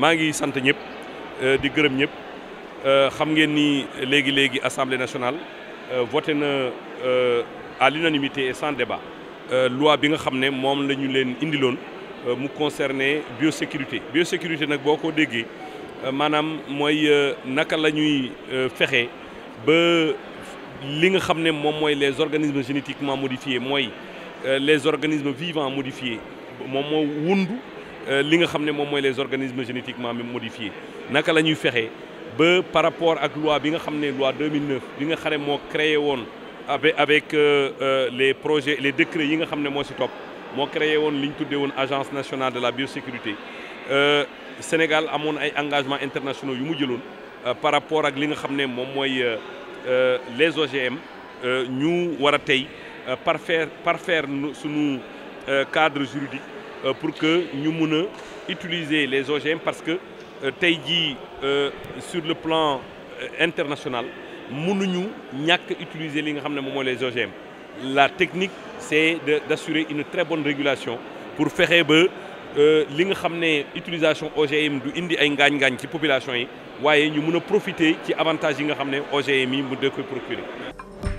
maa ngi sant ñëpp euh, di gërëm ñëpp euh, xam ngeen ni léegi léegi assemblée nationale euh, voté na à l'unanimité et sans débat loi bi nga xam ne moom la ñu leen indiloon mu concerné biosécurité biosécurité nag boo ko déggee maanaam mooy naka la ñuy fexe ba li nga xam ne moom mooy les organismes génétiquement modifiés mooy Euh, les organismes vivants modifiés moom moo wund euh, li nga xam ne moom mooy les organismes génétiquement modifiés naka la ñuy fexe ba par rapport ak loi bi nga xam ne loi 2009 bi nga xam ne moo créé woon avec avec euh, les projets les décrets yi nga xam ne moo si topp moo créé woon li ñu tuddee woon agence nationale de la biosécurité Sénégal amoon ay engagements internationaux yu mu jëloon par rapport ak li nga xam ne moom mooy les OGM ñu war a tey. Euh, parfaire parfaire suñu euh, cadre juridique euh, pour que ñu mun a utiliser les OGM parce que tey jii sur le plan international mënuñu ñàkk utiliser li nga xam ne moom mooy les OGM la technique c'est de d'assurer une très bonne régulation pour fexe ba li nga xam ne utilisation OGM du indi ay ngaañ-ngaañ ci population yi waaye ñu mun a profiter ci avantages yi nga xam ne OGM yi mu de koy procurer